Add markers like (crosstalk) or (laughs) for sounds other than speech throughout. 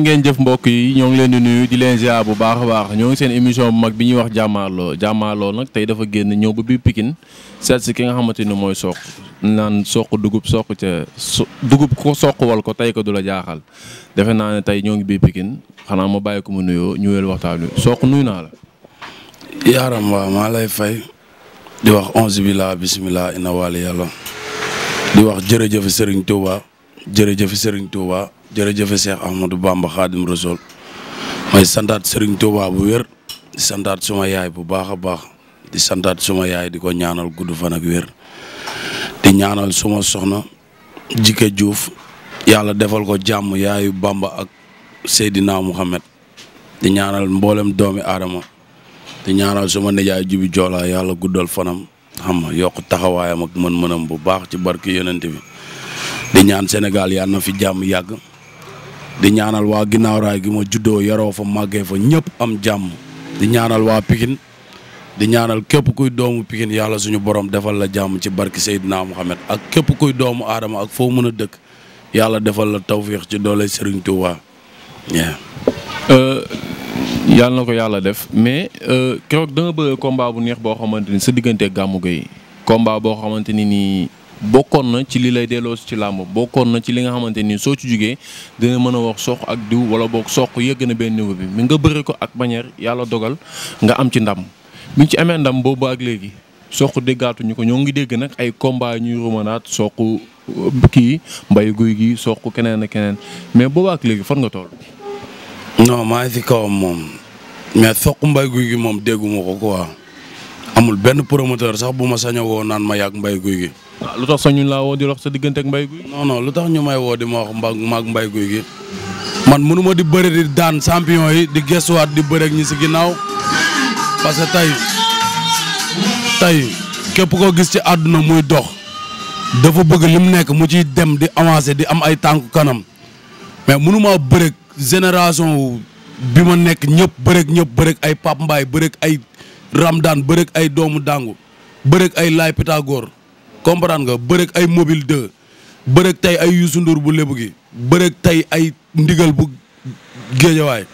ngeen jëf mbokk yi ñoo ngi leen di nuyu di leen ziar baax a baax seen émission bu mag bi ñuy wax jàmmaarloo jàmmaarloo nag tey dafa génn ñëw ba biir Pikine seet si ki nga xamante ni mooy soq naan soq dugub soq ca dugub ko soq wal ko tey ko du la jaaxal defe naa ne tey ñoo ngi biir Pikine xanaa ma bàyyi ko ma nuyoo ñu weel waxtaan wi soq nuyu naa la. yaaram waaw maa lay fay di wax onze billah bisimilah inna wali la di wax jërëjëf sëriñ Touba jërëjëf Serigne Touba. jërëjëfe Cheikh Ahmadou Bamba Khadim Rasoul may santaat sëriñ Touba bu wér di santaat suma yaay bu baax a baax di santaat suma yaay di ko ñaanal gudd fan ak wér di ñaanal suma soxna Jike juuf yàlla defal ko jàmm yaayu Bamba ak Seydina Mouhamed di ñaanal mboolem doomi aadama di ñaanal suma nijaay Jibi Joola yàlla guddal fanam xam nga yokk taxawaayam ak mën-mënam bu baax ci barki yonent bi di ñaan senegal yàlla na fi jàmm yàgg di ñaanal waa ginnaaw raay gi ma juddoo yaroo fa màggee fa ñëpp am jàmm di ñaanal waa pikin di ñaanal képp kuy doomu pikin yàlla suñu borom defal la jàmm ci barki Seydina Mohamed ak képp kuy doomu aadama ak foo mën a dëkk yàlla defal la tawféex ci doole Serigne Touba. Euh, yàlla na ko yàlla def mais euh, keroog da nga bëgg bu neex boo xamante ni sa diggante ak Gamou Gueye combat boo xamante nii. bokkoon na ci li lay delloo ci làmb bokkoon na ci li nga xamante ni soo ci jugee dina mën a wax soq ak diw wala boog soq yëgg na benn niveau bi mi nga bëri ko ak manière yàlla dogal nga am ci ndam bi ci amee ndam boobu ak léegi soq déggaatuñu ko ñoo ngi dégg nag ay combat ñuy romanaat soq euh, kii mbay guy gi soq keneen ak keneen mais boobu ak léegi fan nga tool non maa ngi si kawam moom mais soq mbay guy gi moom dégguma ko quoi amul benn promoteur sax bu ma sañoo woo naan ma yàgg gi. ah lu tax sax ñu laa woo di sa diggante ak mbay guy. non lu tax ñu may woo di ma wax mbay guy gi man mënuma di bëri di daan champion yi di gestuwaat di bëri ak ñi si ginnaaw parce que tey tey képp koo gis ci àdduna muy dox dafa bëgg li mu nekk mu ci dem di avancer di am ay tànku kanam mais munuma bëri génération bi ma nekk ñëpp bërëg ñëpp bërëg ay Pape Mbaye bërëg ay daan bërëg ay doomu dàngu bërëg ay Laay Pythagore comprendre nga bërëg ay mobile 2 bërëg tey ay Youssou Ndour bu lébu gi bërëg tey ay ndigal bu géejawaay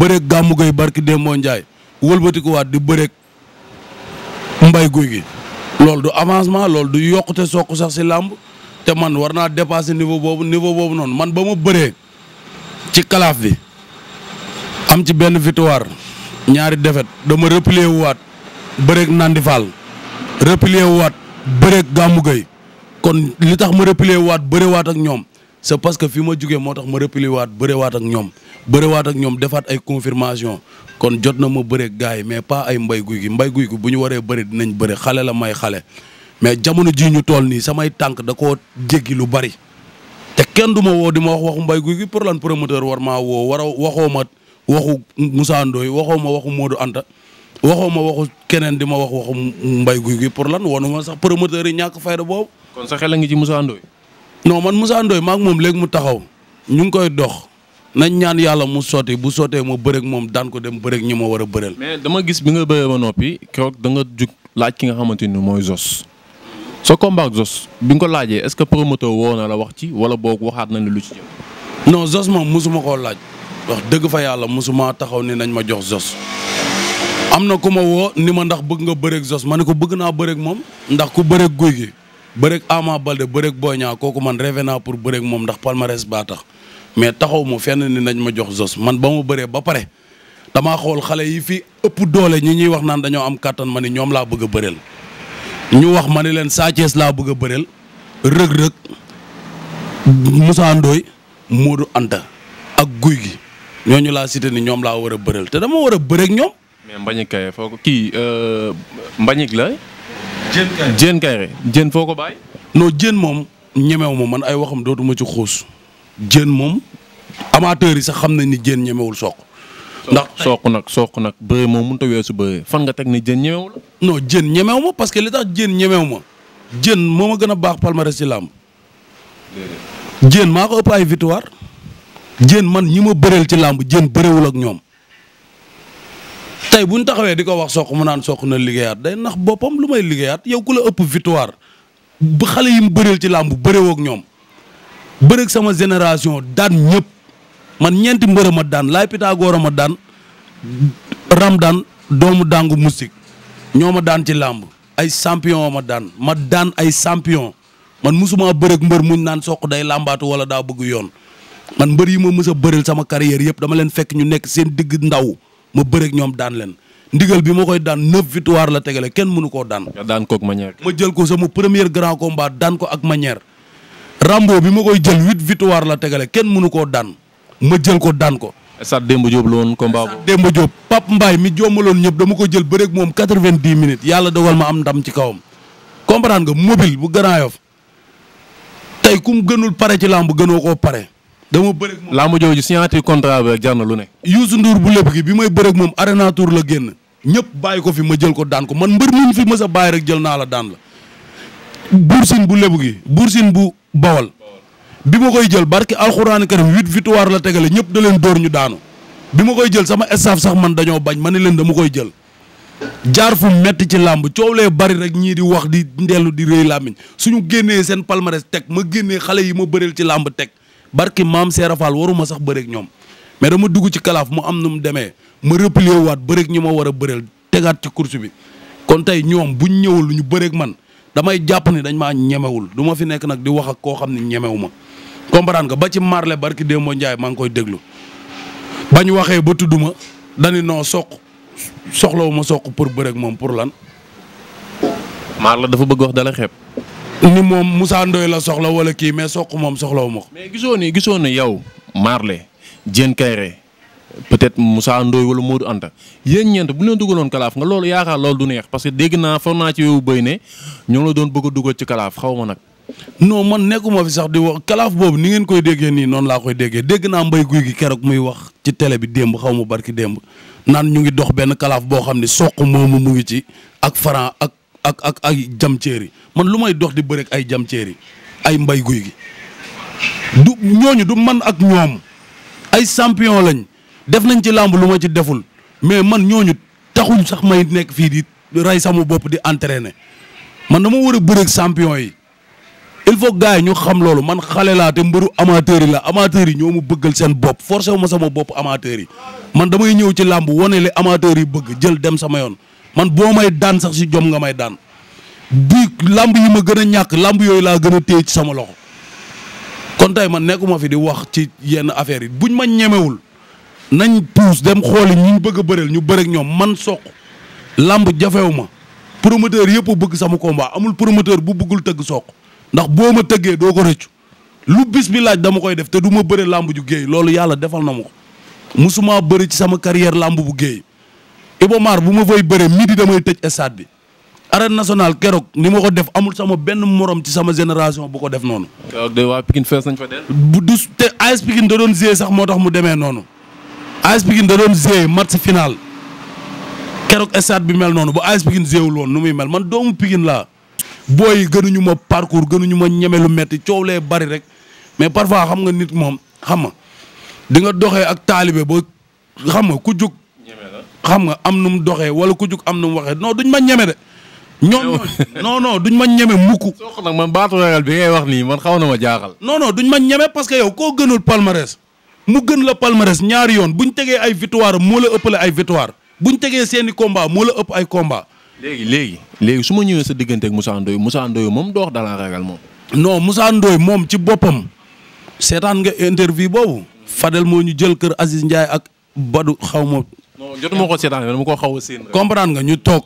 bërëg gàmmu gay barki Demba Ndiaye wëlbatikuwaat di bërëg mbay guy gi loolu du avancement loolu du yokkute sokk sax si làmb te man war naa dépasser niveau boobu niveau boobu noonu man ba ma bëree ci kalaaf bi am ci benn victoire ñaari defet dama replier waat bëreeg Nandi Fall bëreeg Gamou Gueye kon li tax ma replier waat bërewaat ak ñoom c'est parce que fi ma jugee moo tax ma replier waat bërewaat ak ñoom bërewaat ak ñoom defaat ay confirmation kon jot na ma bëreeg gars yi mais pas ay mbay guy gi mbay guy gi bu ñu waree bëri dinañ bëri xale la may xale mais jamono ji ñu tool nii samay tànk da ko jéggi lu bari te kenn du ma woo di ma wax waxu mbay guy gi pour lan promoteur war maa woo war a waxoo ma waxu Moussa Ndoye waxoo ma waxu Modou Anta waxoo ma waxu keneen di ma wax waxu mbay guy gi pour lan wonu ma sax promoteur yi ñàkk fayda boobu. kon sa xel ci Moussa noo man Moussa maak moom léegi mu taxaw ñu ngi koy dox nañ ñaan yàlla mu sotti bu sottee ma bëreeg moom daan ko dem bëreeg ñi ma war a bëreel. mais dama gis bi nga bëree ba noppi keroog danga jug laaj ki nga xamante ni mooy Zos. sa combat ak Zos bi nga ko laajee est-ce que promoteur woo na la wax ci wala boog waxaat na nañ lu ci jëm. non Zos mosuma koo laaj wax dëgg fa yàlla mosuma taxaw ni nañ ma jox Zos. am na ku ma woo ni ma ndax bëgg nga bëreeg Zos ma ne ko bëgg naa bëreeg moom ndax ku bëreeg guy gi bëreeg Ama Balde bëreeg Boy Niang kooku man rêvé pour bëreeg moom ndax palmarès baa tax mais taxaw ma fenn ni nañ ma jox Zos man ba ma bëree ba pare damaa xool xale yi fi ëpp doole ñi ñuy wax naan dañoo am kàttan ma ni ñoom laa bëgg a ñu wax ma ni leen Sa laa bëgg a bëreel rëg-rëg Moussa Ndoye Modou Anta ak guy gi ñooñu laa site ni ñoom laa war a bëreel te dama war a bëreeg ñoom mais Mbagnick Kaïré foo ko kii euh, Mbagnick la. Diène Kaïré Diène Kaïré Diène foo ko bàyyi. non Diène moom ñemewu ma man ay waxam dootuma ci xuus jën moom amateur yi sax xam nañ ni Diène ñemewul soq. ndax soq nag soq nag bëre moom mun a weesu bëre fan nga teg ni Diène ñemewu la. non Diène ñemewu ma parce que li tax Diène ñemewu ma Diène moo ma gën a baax palmarès ci làmb. Diène maa ko ëpp ay victoire Diène man ñi ma bëreel ci làmb Diène bërewul ak ñoom. tey bu ñu taxawee di ko wax soq mu naan soq na liggéeyaat day nax boppam lu may liggéeyaat yow ku la ëpp victoire bu xale yi mu bëreel ci làmb bëreewoog ñoom bëreeg sama génération daan ñëpp man ñeenti mbër ma daan laay Pythagore ma daan ram daan doomu dàngu musique ñoo ma daan ci làmb ay champion ma daan ma daan ay champion man musuma bëreeg mbër mu naan soq day làmbaatu wala daa bëgg yoon man mbër yi ma mës a sama carrière yëpp dama leen fekk ñu nekk seen digg ndaw ma bëreek ñoom daan leen ndigal bi ma koy daan neuf victoire la tegale kenn mënu koo daan. daan ko ma jël ko sama premier grand combat daan ko ak manière. Rambo bi ma koy jël huit victoire la tegale kenn mënu koo daan ma jël ko daan ko. Stade Demba Diop la woon combat boobu. Demba Diop Pape Mbaye mi jommaloon ñëpp dama ko jël bëreek moom quatre-vingt-dix minutes yàlla dogal ma am ndam ci kawam. comprendre nga mobile bu Grand Yoff tey ku gënul pare ci làmb gënoo koo pare. dama bëreeg moom laa ma jooju signature contrat bi rek lu ne. Youssou Ndour bu lépp gi bi may bëreeg moom Arena la génn. ñëpp bàyyi ko fi ma jël ko daan ko man mbër mi fi ma sa bàyyi rek jël naa la daan la. Boursine bu lébu gi Boursine bu Bawal. bi ma koy jël barki alxuraani karim huit victoire la tegale ñëpp da leen dóor ñu daanu. bi ma koy jël sama staff sax man dañoo bañ ma ne leen dama koy jël. jaar fu metti ci làmb coow lee bari rek ñii di wax di ndellu di rëy làmmiñ suñu génnee seen palmarès teg ma génnee xale yi ma bëreel ci làmb teg. barki maam Seera Fall waruma sax bëreek ñoom mais dama dugg ci kalaaf mu am nu mu demee ma replier waat bëreeg ñi ma war a bëreel tegaat ci course bi kon tey ñoom buñ ñëwul lu ñu bëreek man damay jàpp ni dañ maa ñemewul du ma fi nekk nag di wax ak koo xam ne ñemewu ma comprendre nga ba ci marle barki Demba Ndiaye maa ngi koy déglu bañ waxee ba tudd ma dañu noo soq soxlawu ma soq pour bëreek moom pour lan. maar dafa bëgg wax dala xeeb. ni moom Moussa Ndoye la soxla wala kii mais soq moom soxlawu ma ko. mais gisoo ni gisoo ni yow Marley Diène Kairé peut-être Moussa Ndoye wala Modou Anta yéen ñeent bu ñu leen dugaloon kalaaf nga loolu yaakaar loolu du neex parce que dégg naa foog naa ci yow bëy ne ñoo la doon bëgg a dugal ci kalaaf xaw ma nag. non man nekkuma fi sax di wax kalaaf boobu ni ngeen koy déggee nii noonu laa koy déggee dégg naa mbay guy gi keroog muy wax ci télé bi démb xaw ma barki démb naan ñu ngi dox benn kalaaf boo xam ne soq moomu mu ngi ci ak Franc ak. ak ak ay jam ceeri man lu may dox di bëreeg ay jam ceeri ay mbay guy gi du ñooñu du man ak ñoom ay champion lañ def nañ ci làmb lu ma ci deful mais man ñooñu taxuñ sax may nekk fii di rey sama bopp di entraîner man dama war a bëreeg champion yi il faut gars ñu xam loolu man xale laa te mbaru amateur yi la amateur yi ñoo mu bëggal seen bopp forcé ma sama bopp amateur yi man damay ñëw ci làmb wane li amateur yi bëgg jël dem sama yoon man boo may daan sax si jom nga may daan bi lamb yi ma gën a ñàkk làmb yooyu laa gën a téye ci sama loxo kon tey man nekkuma fi di wax ci yenn affaire yi buñ ma ñemewul nañ puus dem xooli ñi ñu bëgg a bëreel ñu bëreek ñoom man soq lamb jafewu ma promoteur yëpp bëgg sama combat amul promoteur bu bëggul tëgg sook ndax boo ma tëggee doo ko rëccu lu bis bi laaj dama koy def te du ma bëre làmb ju géey loolu yàlla defal na ma ko musuma bëri ci sama carrière lamb bu géey Iba Mar bu ma fay bëree midi damay tëj stade bi arène national keroog ni ma ko def amul sama benn morom ci sama génération bu ko def noonu. keroog de waa Pikine fees nañ fa bu du te AS Pikine da doon jouer sax moo tax mu demee noonu AS Pikine da doon jouer match final keroog stade bi mel noonu ba AS Pikine jouer woon nu muy mel man doomu Pikine laa. booy gënuñu ma parcours gënuñu ma ñeme lu metti coow lee bari rek mais parfois xam nga nit moom xam nga di nga doxee ak taalibe ba xam nga ku jóg xam nga am nu mu doxee wala ku jug am nu mu waxee non duñ ma ñeme de. ñoom (laughs) non non duñ ma ñeme mukk. sox nag man baatu ragal bi ngay wax nii man xaw na ma jaaxal. non non duñ ma ñeme parce que yow koo gënul palmarès mu gën la palmarès ñaari yoon buñ tegee ay victoire moo la ëppale ay victoire buñ tegee seeni combat moo la ëpp ay combat. léegi léegi su ma ñëwee sa diggante ak Moussa moom doox dalaa ragal moom. non Moussa Ndoye moom ci boppam seetaan nga interview boobu. Fadel moo ñu jël kër Aziz Ndiaye ak Badou xaw ma non jotuma ko seetaan dama ko xaw a seen comprendre nga ñu toog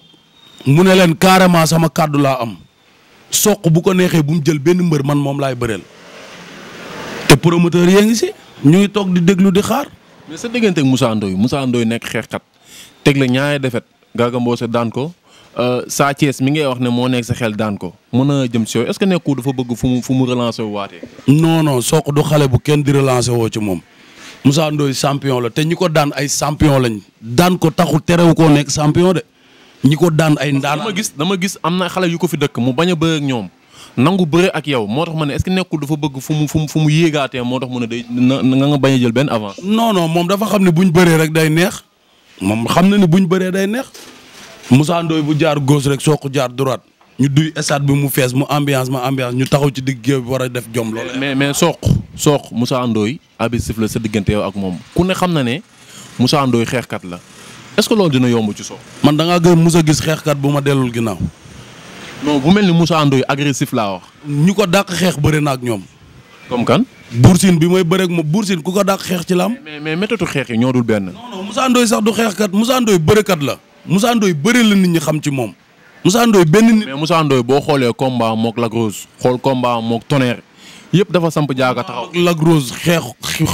mu ne leen carrément sama kàddu laa am soq bu ko neexee bu mu jël benn mbër man moom laay bëreel te promoteur yee ngi si ñu ngi toog di déglu di xaar. sa diggante ak Moussa Ndoye Moussa Ndoye nekk xeexkat teg la ñaari defet Garga Mbossé daan ko euh, Sa Thiès mi ngay wax ne moo nekk sa xel daan ko mën a jëm si yow est ce que nekku dafa bëgg fu mu fu mu relancer waatee. non non soq du xale bu kenn di relancer woo ci moom. Moussa Ndoye champion la te ñi ko daan ay champion lañ daan ko taxul terew koo nekk champion de ñi ko daan ay ndaan dama gis dama gis am na xale yu ko fi dëkk mu bañ a ñoom nangu bëre ak yow moo tax ma ne est-ce nekkul dafa bëgg fu mu fu mu fu mu yéegaatee moo tax mu ne day na nga bañ a jël benn avant. non moom dafa xam ne buñ bëree rek day neex moom xam na ne buñ bëree day neex Moussa Ndoye bu jaar gauche rek soo ko jaar droite ñu duy stade bi mu fees mu ambiance ma ambiance ñu taxaw ci digg bi war a def jom loolu. mais mais Sokh Sokh Moussa Ndoye abi la sa diggante yow ak moom ku ne xam na ne Moussa Ndoye xeexkat la est-ce dina yomb ci soow man da ngaa gën Moussa gis xeexkat bu ma dellul ginnaaw. non bu mel ni Moussa Ndoye agressif laa wax. ñu ko dàq xeex bëri na ak ñoom. comme kan. Boursine bi mooy bëreeg moom Boursine ku ko dàq xeex ci laam. mais mais méthode xeex yi ñoo dul benn. non non Moussa sax du xeexkat Moussa Ndoye bërekat la Moussa Ndoye bëri la nit ñi xam ci moom Moussa Ndoye benn nit. mais boo xoolee combat mook Lac Rose xool combat mook Tonnerre yëpp dafa samp jaaga taxaw. lagros xeex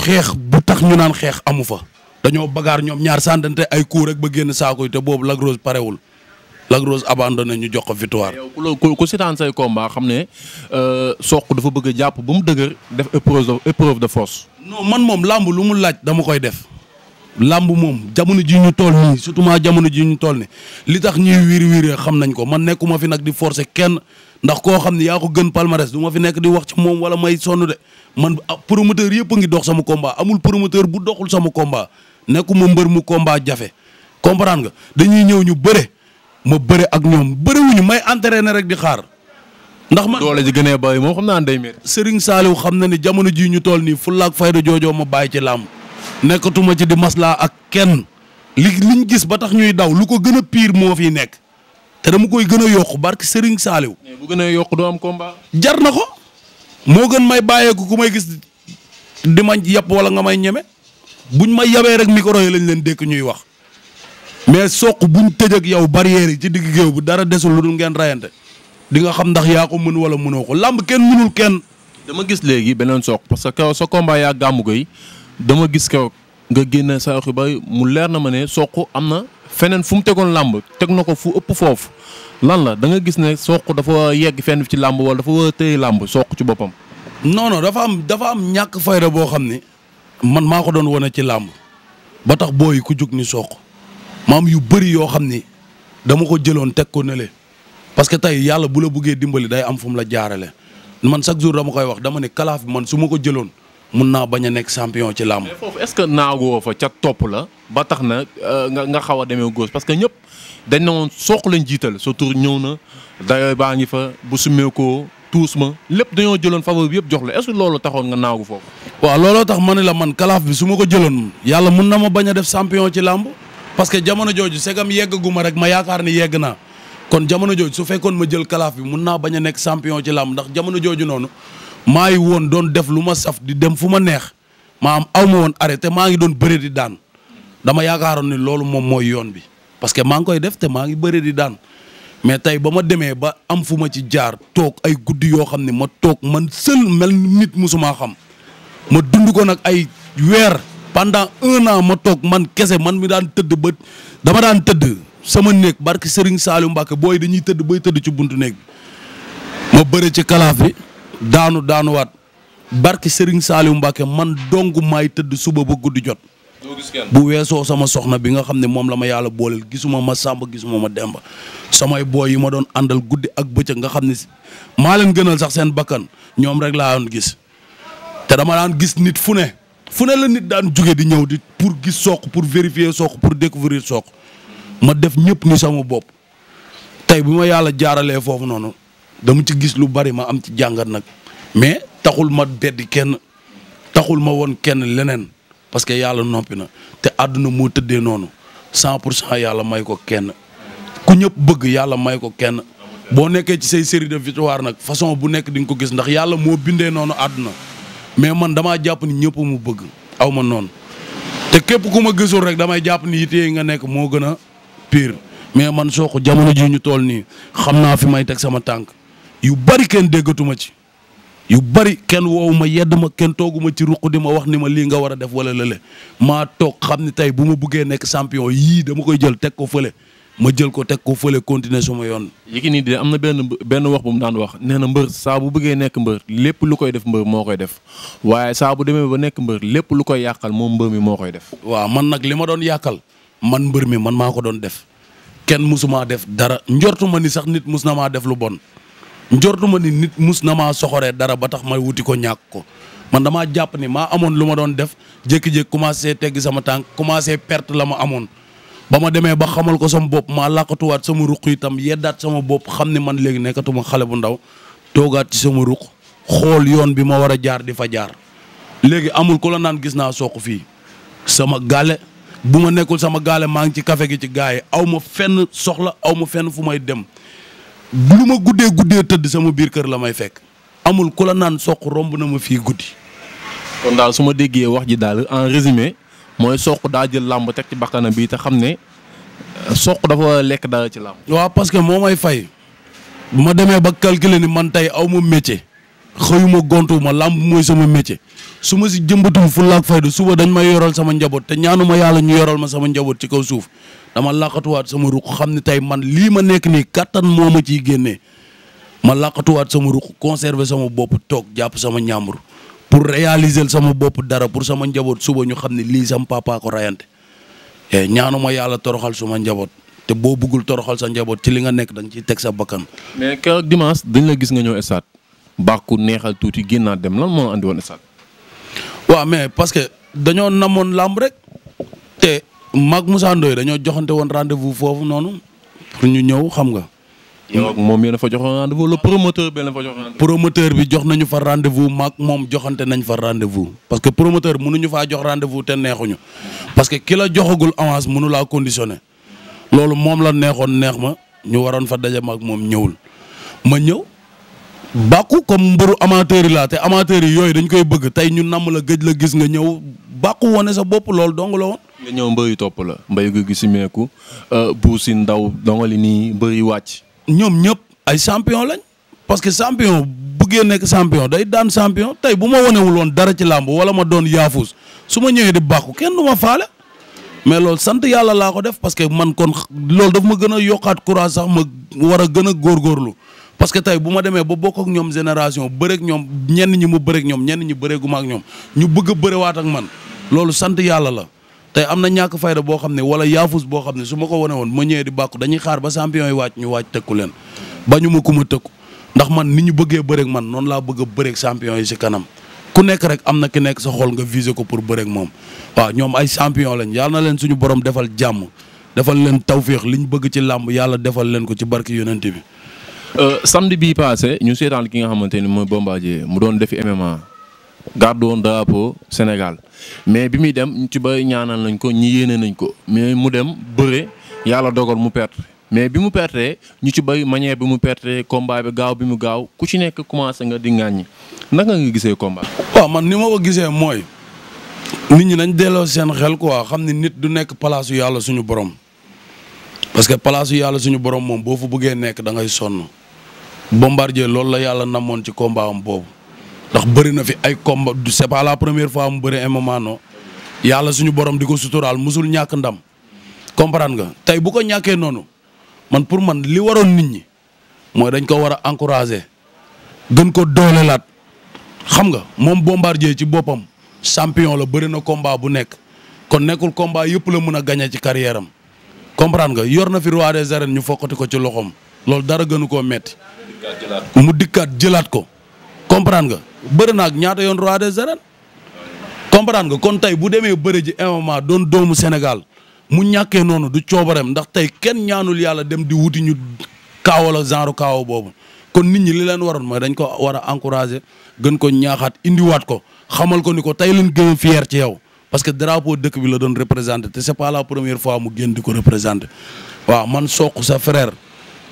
xeex bu tax ñu naan xeex amu fa. dañoo bagaar ñoom ñaar sàndante ay coup rek ba génn saako yi te boobu lagros parewul lagros Rose abandonné ñu jox ko victoire. yow ku ku sitaan say combat xam ne euh, Sokh dafa bëgg a jàpp ba mu dëgër def épreuve épreuve de force. non man moom làmb lu mu laaj dama koy def. làmb moom jamono ji ñu tool nii surtout ment jamono ji ñu tool ne li tax ñuy wiir wiiree xam nañ ko man nekkuma fi nag di forcer kenn ndax koo xam ne yaa ko gën palmarès du ma fi nekk di wax ci moom wala may sonn de man ah, promoteur yëpp ngi dox sama komba amul promoteur bu doxul sama combat nekkuma mbër mu combat jafe comprendre nga dañuy ñëw ñu bëre ma bëre ak ñoom bëriwuñu may entraîner rek di xaar ndax man doole ji gënee bàyyi moom xam naa day métti Serigne Saliou xam na ne jamono ji ñu tool nii fulla ak fayda joojoo ma bàyyi ci làmb nekkatuma ci di maslaa ak kenn li liñ gis ba tax ñuy daw lu ko gën a pire moo fi nekk te dama koy gën a yokk barke Serigne Saliou. bu gën a yokk doo am jar na ko moo gën may bàyyeeku ku may gis di ma yapp wala nga may ñeme buñ ma yabee rek micro yi lañ leen dékk ñuy wax mais soq buñ tëj ak yow barrière yi ci digg géew bu dara desul lu dul ngeen rayante di nga xam ndax yaa ko mën wala mënoo ko làmb kenn mënul kenn. dama gis léegi beneen soq parce que sa combat yaa gàmmu dama gis keroog nga génne sa wax mu leer na ma ne Sokh am na feneen fu mu tegoon làmb teg na ko fu ëpp foofu lan la danga gis ne Sokh dafa yegg fenn ci làmb wala dafa war a làmb Sokh ci boppam. non dafa am dafa am ñàkk fayda boo xam ne man maa ko doon wane ci làmb ba tax booy ku jóg ni Sokh maam yu bëri yoo xam ni dama ko jëloon teg ko nële parce que tey yàlla bu la buggee dimbali day am fu mu la jaarale man chaque jour dama koy wax dama ne kalaaf bi man su ma ko jëloon. mun naa bañ a nekk champion ci làmb. mais foofu est-ce que naagoo fa ca topp la ba tax na euh, nga nga xaw a demee góos parce que ñëpp dañ ne woon soq lañ jiital sa ñëw na dayoo baa ngi fa bu sumee ko tuus ma lépp dañoo jëloon faveur bi yëpp jox la est-ce que loolu taxoon nga naagu foofu. waaw looloo tax ma ne la man kalaaf bi su ma ko jëloon yàlla mun na ma bañ a def champion ci làmb parce que jamono jooju segam yeggaguma rek ma yaakaar ni yegg naa kon jamono jooju su fekkoon ma jël kalaaf bi mun naa bañ nekk champion ci làmb ndax jamono jooju noonu. maa ngi woon doon def lu ma saf di dem fu ma neex maam aw ma woon arrêté maa ngi doon bëre di daan dama yaakaaroon ni loolu moom mooy yoon bi parce que maa ngi koy def te maa ngi bëre di daan mais tey ba ma demee ba am fu ma ci jaar toog ay guddi yoo xam ne ma toog man seul mel nit musumaa xam ma dund ko nag ay weer pendant un ma toog man kese man mi daan tëdd ba dama daan tëdd sama néeg barki Serigne Saliou Mbacke booy dañuy tëdd bay tëdd ci buntu néeg bi ma bëre ci kalaaf bi daanu daanuwaat barke Serigne Saliou Mbacke man dong maay tëdd suba ba guddi jot. bu weesoo sama soxna bi nga xam ne moom la ma yàlla booleel gisuma ma sàmba gisuma ma demba samay booy yi ma doon àndal guddi ak bëccëg nga xam ne maa leen gënal sax seen bakkan ñoom rek laa oon gis te dama daan gis nit fu ne fu ne la nit daan jóge di ñëw di pour gis sook pour vérifier sook pour découvrir soq ma def ñëpp ni sama bopp tey bi ma yàlla jaaralee foofu noonu dama ci gis lu bari ma am ci jàngat nag mais taxul ma beddi kenn taxul ma woon kenn leneen parce que yàlla noppi na te àdduna moo tëddee noonu sant pour cent yàlla may ko kenn ku ñëpp bëgg yàlla may ko kenn boo nekkee ci say série de victoire nag façon bu nekk di nga ko gis ndax yàlla moo bindee noonu àdduna mais man damaa jàpp ni ñëpp mu bëgg aw ma noonu te képp ku ma gisul rek damay jàpp ni yitte yi nga nekk moo gën a pire mais man soo ko jamono ji ñu tool nii xam naa fi may teg sama tànk yu bari kenn déggatuma ci yu bari kenn woowu ma yedd ma kenn tooguma ci ruq di ma wax ni ma lii nga war a def wala lële maa toog xam ni tey bu ma buggee nekk champion yii dama koy jël teg ko fële ma jël ko teg ko fële continuer sama yoon. Yékini de am na benn benn wax bu mu daan wax nee na mbër saa bu bëggee nekk mbër lépp lu koy def mbër moo koy def waaye saa bu demee ba nekk mbër lépp lu koy yàqal moom mbër mi moo koy def. waaw man nag li ma doon yàqal man mbër mi man maa ko doon def kenn mësumaa def dara njortu ma ni sax nit mës na maa def lu bon. njortuma ni nit mus na maa soxoree dara ba tax may wuti ko ñàkk ko man damaa jàpp ni maa amoon lu ma doon def jékki-jékki commencé tegg sama tànk commencé perte la ma amoon ba ma demee ba xamal ko sama bopp maa làqatuwaat sama ruq itam yeddaat sama bopp xam ne man léegi nekkatuma xale bu ndaw toogaat ci sama ruq xool yoon bi ma war a jaar di fa jaar léegi amul ku la naan gis naa soq fii sama gaale bu ma nekkul sama gaale maa ngi ci kafe gi ci gaa yi aw ma fenn soxla aw ma fenn fu may dem lu ma guddee guddee tëdd sama biir kër la may fekk amul ku la naan soq romb na ma fii guddi. kon daal su ma déggee wax ji daal en résumé mooy soq daa jël làmb teg ci bakkanam bi te xam ne euh, soq dafa lekk daal ci làmb. waaw parce que moo may fay bu ma demee ba calculer ni man tey aw ma métier xëyuma gontuma làmb mooy sama métier su ma si fu fulla ak fayda suba dañ may yoral sama njaboot te ñaanuma yàlla ñu yoral ma sama njaboot ci kaw suuf dama laqatuwaat sama ruq xam ne tey man lii ma nekk nii kattan moo ma ciy génnee ma laqatuwaat sama ruq conserver sama bopp toog jàpp sama ñàmbur pour réaliser sama bopp dara pour sama njaboot suba ñu xam ne lii sama papa ko rayante ñaanu e ñaanuma yàlla toroxal suma njaboot te boo buggul toroxal sa njaboot ci li nga nekk da nga ciy teg sa bakkan. mais keroog dimanche dañ la gis nga ñoo ñëw stade bàkku neexal tuuti génnaat dem lan moo andi woon stade. waaw mais parce que làmb rek maag Moussa Ndoye dañoo joxante woon rendez-vous foofu noonu pour ñu ñëw xam nga. yow moom yéen a fa joxoon rendez-vous le promoteur bi la fa jox rendez-vous. promoteur bi jox nañu fa rendez-vous maag moom joxante nañ fa rendez-vous parce que promoteur mënuñu faa jox rendez-vous te neexuñu parce que ki joxagul avance mënu laa conditionné loolu moom la neexoon neex ma ñu waroon fa daje maag moom ñëwul ma ñëw. bàkku comme mbëru amateur yi laa te amateur yi yooyu dañ koy bëgg tey ñu namm la gëj la gis nga ñëw bàkku wane sa bopp loolu dong la nga ñëw mbëri topp la mbay gu gi simeeku euh, buusi ndaw dongali nii mbëri wàcc. ñoom ñëpp ay champion lañ parce que champion buggee nekk champion day daan champion tey bu ma wanewul dara ci làmb wala ma doon yaafus su ma ñëwee di bàkku kenn du ma faale mais loolu sant yàlla laa ko def parce que man kon loolu daf ma gën a yokkaat courage sax ma war a gën a góor góorgóorlu parce que tey bu ma demee ba bokk ak ñoom génération bëreek ñoom ñenn ñi mu bëreeg ñoom ñenn ñi bëreeguma ak ñoom ñu bëgg a bërewaat man tey am na ñàkk fayda boo xam ne wala yaafus boo xam ne su ma ko wane woon ma ñëwee di bàkku dañuy xaar ba champion yi wàcc ñu wàcc tëkku leen ba ñu ma ku ma tëkku ndax man ni ñu bëggee bëreeg man noonu laa bëgg a bëreeg champion yi si kanam ku nekk rek am na ki nekk sa xol nga viser ko pour bëreeg moom waaw ñoom ay champion lañ yàlla na leen suñu borom defal jàmm defal leen tawféex liñ bëgg ci làmb yàlla defal leen ko ci barki yonent bi euh, samedi bii passé ñu seetaan ki nga xamante ni mooy Bombardier mu doon defi MMA gàddu woon drapeau Sénégal mais bi muy dem ñu ci ba ñaanal nañ ko ñi yéene nañ ko mais mu dem bëre yàlla dogal mu perte mais bi mu pertee ñu ci bay manière bi mu pertee combat bi gaaw bi mu gaaw ku ci nekk commencé nga di ŋàññi naka nga gisee combat. waaw man ni ma ko gisee mooy nit ñi nañ delloo seen xel ko quoi xam ni nit du nekk place yu yàlla suñu borom parce que place yu yàlla suñu borom moom boo fu bëggee nekk da ngay sonn Bombardier loolu la yàlla namoon ci combat boobu. ndax bëri na fi ay combat c'est pas la première fois mu bëri MMA non yàlla suñu borom di ko suturaal musul ñàkk ndam comprendre nga tey bu ko ñàkkee noonu man pour man li waroon nit ñi mooy dañ ko war a encourager gën ko doolelaat xam nga moom Bombardier ci boppam champion la bëri na combat bu nekk kon nekkul combat yëpp la mën a gagné ci carrière am nga yor na fi roi des arènes ñu fokkati ko ci loxoom loolu dara gënu koo metti mu dikkaat jëlaat ko comprendre nga bëri naag ñaata yoon roi des arènes comprendre nga kon tey bu demee bëri ji MMA doon doomu Sénégal mu ñàkkee noonu du coobareem ndax tey kenn ñaanul yàlla dem di wuti ñu kaaw la genre kaaw boobu kon nit ñi li leen waroon mooy dañ ko war a encourager gën ko ñaaxaat indiwaat ko xamal ko ni ko tey leen gën a fier ci yow parce que drapeau dëkk bi la doon représenté te c'est pas la première fois mu génn di ko représenté waaw man Sokh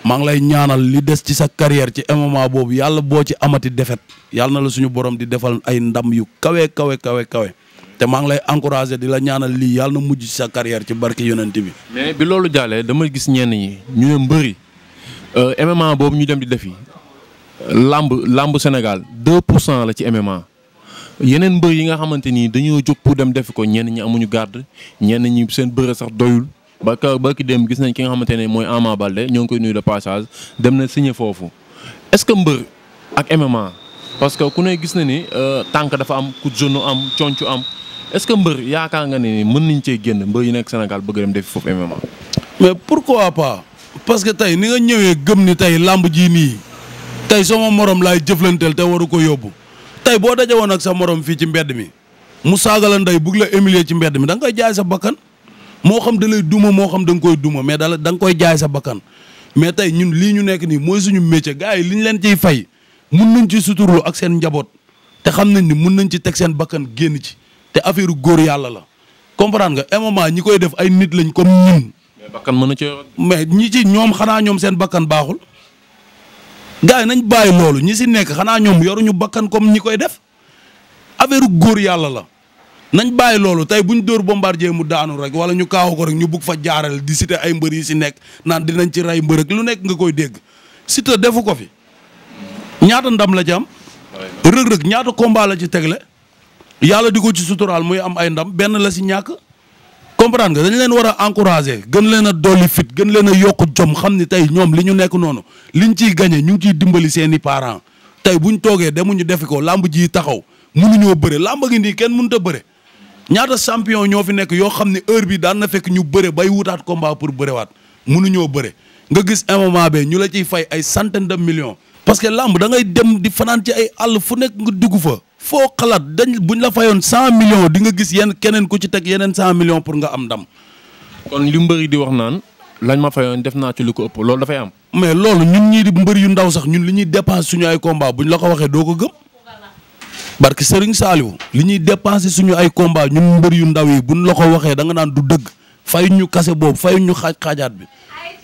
maa ngi lay ñaanal li des ci sa carrière ci MMA boobu yàlla boo ci amati defet yàlla na la suñu borom di defal ay ndam yu kawe kawe kawe kawe te maa ngi lay encouragé di la ñaanal lii yàlla na mujj ci sa carrière ci barki yonent bi. mais bi loolu jàllee dama gis ñenn ñi ñu ne mbëri euh, MMA boobu ñu dem di def defi lamb làmb Sénégal 2 pour cent la ci MMA. yeneen mbër yi nga xamante ni dañoo jóg pour dem defi ko ñenn ñi amuñu garde ñenn ñi seen bëre sax doyul ba ka dem gis nañ ki nga xamante ni mooy Ama Balde ñoo ngi koy nuyu de passage dem na signé foofu est-ce que mbër ak MMA parce que ku ne gis na ni euh, tànk dafa am ku am concu am est-ce que mbër yaakaar nga ni mën nañ cee génn mbër yi nekk Sénégal bëgg dem def foofu MMA. mais pourquoi pas parce que tey ni nga ñëwee gëm ni tey làmb ji nii tey sama morom laay jëflanteel te waru ko yóbbu tey boo daje woon ak sa morom fii ci mbedd mi mu saaga la ndey bugg la humilier ci mbedd mi da nga koy jaay sa bakkan. moo xam da lay duma moo xam da nga koy duma mais dala danga koy jaay sa bakkan mais tey ñun lii ñu nekk nii mooy suñu métier gars yi li ñu leen ciy fay mun nañ ci suturlu ak seen njaboot te xam nañ ni mun nañ ci teg seen bakkan génn ci te affaire góor yàlla la comprendre nga moment ñi koy def ay nit lañ comme ñun. mën na ci mais ñi ci ñoom xanaa ñoom seen bakkan baaxul. gars nañ bàyyi loolu ñi si nekk xanaa ñoom yoruñu bakkan comme ñi koy def affaire góor yàlla la nañ bàyyi loolu tey bu ñu dóor bombardier mu daanu rek wala ñu kaaw ko rek ñu bugg fa jaaral di cité ay mbër yi si nekk naan dinañ ci ray mbër ak lu nekk nga koy dégg Siteu defu ko fi ñaata ndam la jam am. rëg-rëg ñaata combat la ci tegle yàlla di ko ci suturaal muy am ay ndam benn la si ñàkk. comprendre nga dañ leen war a encourager gën leen a dolli fit gën leen a yokk jom xam ni tey ñoom li ñu nekk noonu liñ ciy gagné ñu ngi ciy dimbali seen i parents tey ñu toogee demu ñu defi ko làmb ji taxaw mënuñoo bëre làmb gi nii kenn mënut a bëre ñaata champion ñoo fi nekk yoo xam ne heure bi daan na fekk ñu bëre bay wutaat combat pour bërewaat mënuñoo bëre nga gis un moment be ñu la ciy fay ay centaine de millions parce que làmb da ngay dem di fanaan ci ay àll fu nekk nga dugg fa foo xalaat dañ buñ la fayoon cent millions di nga gis yenn keneen ku ci teg yeneen cent million pour nga am ndam kon li mbëri di wax naan lañ ma fayoon def naa ci ko ëpp loolu dafay am mais loolu ñun ñii di mbër yu ndaw sax ñun li ñuy dépense suñu ay combat la ko waxee doo ko gëm parce que Serigne Saliou li ñuy dépensé suñu ay combat ñun mbër yu ndaw yi buñ la ko waxee da nga naan du dëgg fayuñ ñu kase boobu fayuñ ñu xaaj xaajaat bi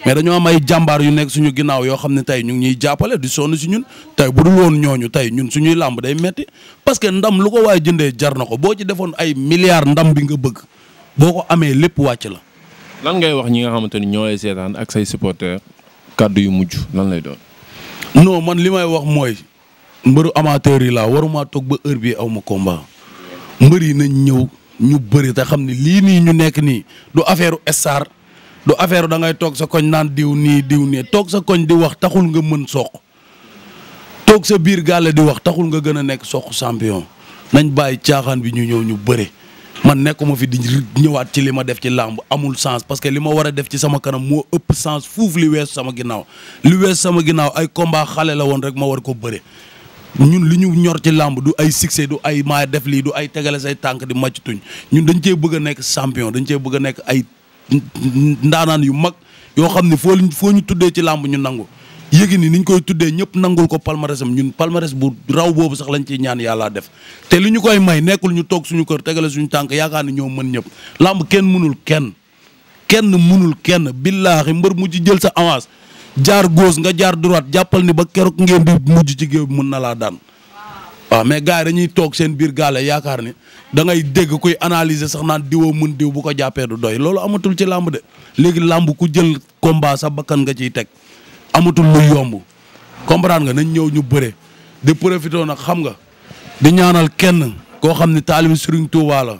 mais dañoo am ay jàmbaar yu nekk suñu ginnaaw yoo xam ne tey ñu ngi ñuy jàppale di sonn si ñun tey bu dul woon ñooñu tey ñun suñuy làmb day metti parce que ndam lu ko waaye jëndee jar na ko boo ci defoon ay milliards ndam bi nga bëgg boo ko amee lépp wàcc la. lan ngay wax ñi nga xamante ni ñoo lay seetaan ak say supporters kàddu yu mujj lan lay doon. non man li may wax mooy mbëru amateur yi laa waruma toog ba heure bii awma ma mbër yi nañ ñëw ñu bëri te xam ne lii nii ñu nekk nii du affaire star du affaire da ngay toog sa koñ naan diw nii diw nii toog sa koñ di wax taxul nga mën soq toog sa biir gaale di wax taxul nga gën a nekk soq champion nañ bàyyi caaxaan bi ñu ñëw ñu bëri man nekkuma fi di ñëwaat ci li ma def ci làmb amul sens parce que li ma war a def ci sama kanam moo ëpp sens fuuf li weesu sama ginnaaw li weesu sama ginnaaw ay combat la woon rek ma war ko bëre ñun li ñu ñor ci làmb du ay succès du ay maa def lii du ay tegale say tànk di màcc tuñ ñun dañ cee bëgg nekk nekk champion dañ cee bëgg nekk ay ndaanaan yu mag yoo xam ne foo foo ñu tuddee ci làmb ñu nangu yéegi ni niñ koy tuddee ñëpp nangul ko palmarèsam ñun palmarès bu raw boobu sax lañ ciy ñaan yàllaa def te li ñu koy may nekkul ñu toog suñu kër tegale suñu tànk yaakaar ne ñoo mën ñëpp làmb kenn mënul kenn kenn mënul kenn billaahi mbër mujj jël sa avance jaar gauche nga jaar droite jàppal ni ba keroog ngeen di mujj ci géew mun na laa daan waaw mais gars yi dañuy toog seen biir gaale yaakaar ne dangay ngay dégg kuy analyser sax naan diwoo mun diw bu ko jàppee du doy loolu amatul ci làmb de léegi làmb ku jël combat sa bakkan nga ciy teg amatul lu yomb comprendre nga nañ ñëw ñu bëre di profité na xam nga di ñaanal kenn koo xam ne taalibi suring Touba la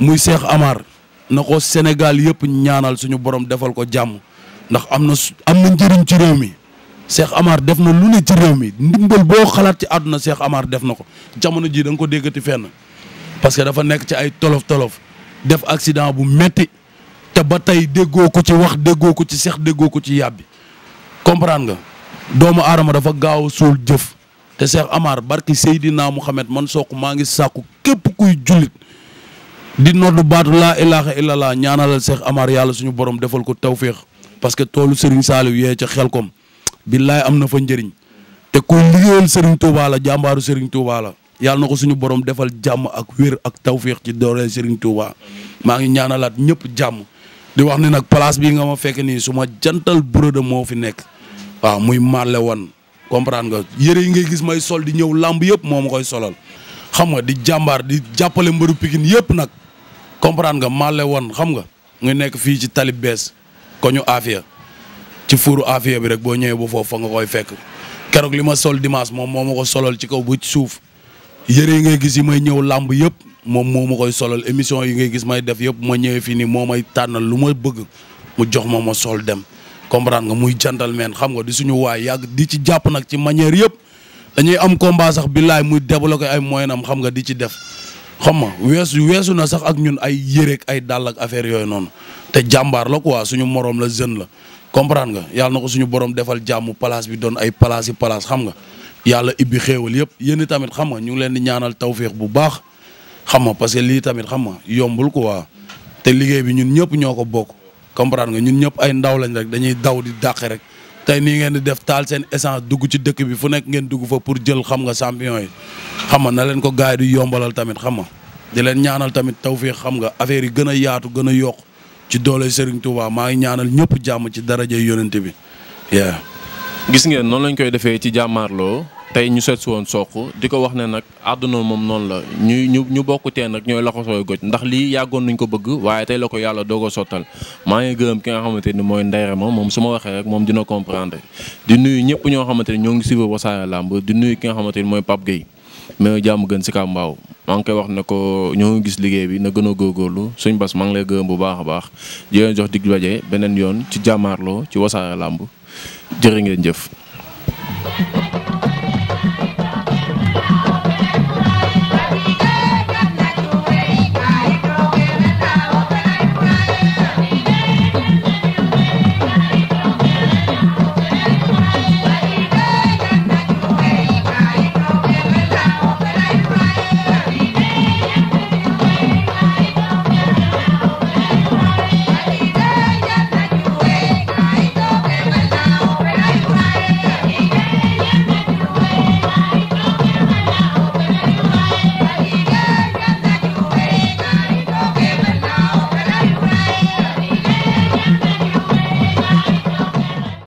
muy Cheikh Amar na ko Sénégal yëpp ñaanal suñu borom defal ko jàmm ndax am na su am na njëriñ ci réew mi Cheikh amaar def na lu ne ci réew mi ndimbal boo xalaat ci àdduna Cheikh Amar def na ko jamono ji da nga ko déggati fenn parce que dafa nekk ci ay tolof tolof def accident bu metti te ba tey déggoo ko ci wax déggoo ko ci seex déggoo ko ci yàbbi comprendre nga doomu aadama dafa gaaw a suul jëf te Cheikh Amar barki Seydina Mouhamed man sook maa ngi sàkku képp kuy jullit di noddu baatu laa ilaha illallah ñaanalal Cheikh Amar yàlla suñu borom defal ko tawféex parce que toolu Serigne Saliou yee ca Xelkom billaay am na fa njëriñ te ku liggéeyal Serigne Touba la jàmbaaru Serigne Touba la yàlla na ko suñu borom defal jàmm ak wér ak tawféex ci doole Serigne Touba maa ngi ñaanalaat ñëpp jàmm di wax ne nag palace bii nga ma fekk nii suma jantal brode moo fi nekk waaw muy maale wan comprendre nga yëre yi ngay gis may sol di ñëw làmb yëpp moo ma koy solal xam nga di jàmbaar di jàppale mbëru Pikine yëpp nag comprendre nga màlle wan xam nga nga nekk fii ci tali bees koñu Afia ci fuuru Afia bi rek boo ñëwee bu foofu fa nga koy fekk keroog li ma sol dimanche moom moo ma ko solal ci kaw bu suuf yëre yi ngay gis yi may ñëw làmb yëpp moom moo ma koy solal émission yi ngay gis may def yëp moo ñëwee fii nii moo may tànnal lu ma bëgg mu jox ma ma sol dem comprendre nga muy gentleman xam nga di suñu waay yàgg di ci jàpp nag ci manière yëp dañuy am combat sax billaay muy débloqué ay moyen am xam nga di ci def xam ma weesu weesu na sax ak ñun ay yéreeg ay dàll ak affaire yooyu noonu te jàmbaar la quoi suñu moroom la jeune la comprendre nga yàlla na ko suñu borom defal jàmm place bi doon ay place yi xam nga yàlla ibbi xéewal yëpp yéen tamit xam nga ñu ngi leen di ñaanal tawféex bu baax xam nga parce que lii tamit xam nga yombul quoi te liggéey bi ñun ñëpp ñoo ko bokk comprendre nga ñun ñëpp ay ndaw lañ rek dañuy daw di dàq rek tey nii ngeen di def taal seen essence dugg ci dëkk bi fu nekk ngeen dugg fa pour jël xam nga champion yi xam nga na leen ko gaay du yombalal tamit xam nga di leen ñaanal tamit tawfeex xam nga affaire yi gën a yaatu gën a yokk ci doole Serigne Touba maa ngi ñaanal ñëpp jàmm ci daraja yonent bi. gis ngeen noonu lañ koy defee ci jàmmaarloo tey ñu seet si woon Sokh di ko wax ne nag àdduna moom noonu la ñuy ñu ñu bokk teen nag ñooy laxasooy goj ndax lii yàggoon nañ ko bëgg waaye tey la ko yàlla doo ko sottal maa ngi gërëm ki nga xamante ni mooy ndeyre ma moom su ma waxee rek moom dina comprendre di nuyu ñëpp ñoo xamante ni ñoo ngi suivre Wassare Lamb di nuyu ki nga xamante mooy Pape mais jàmm gën si kàmbaaw maa ngi koy wax ne ko ñoo ngi gis liggéey bi na gën a góorgóorlu suñ bas maa ngi lay gërëm bu baax a baax di leen jox dig daje beneen yoon ci jàmmaarloo ci Wassare Lamb jërë ngeen jëf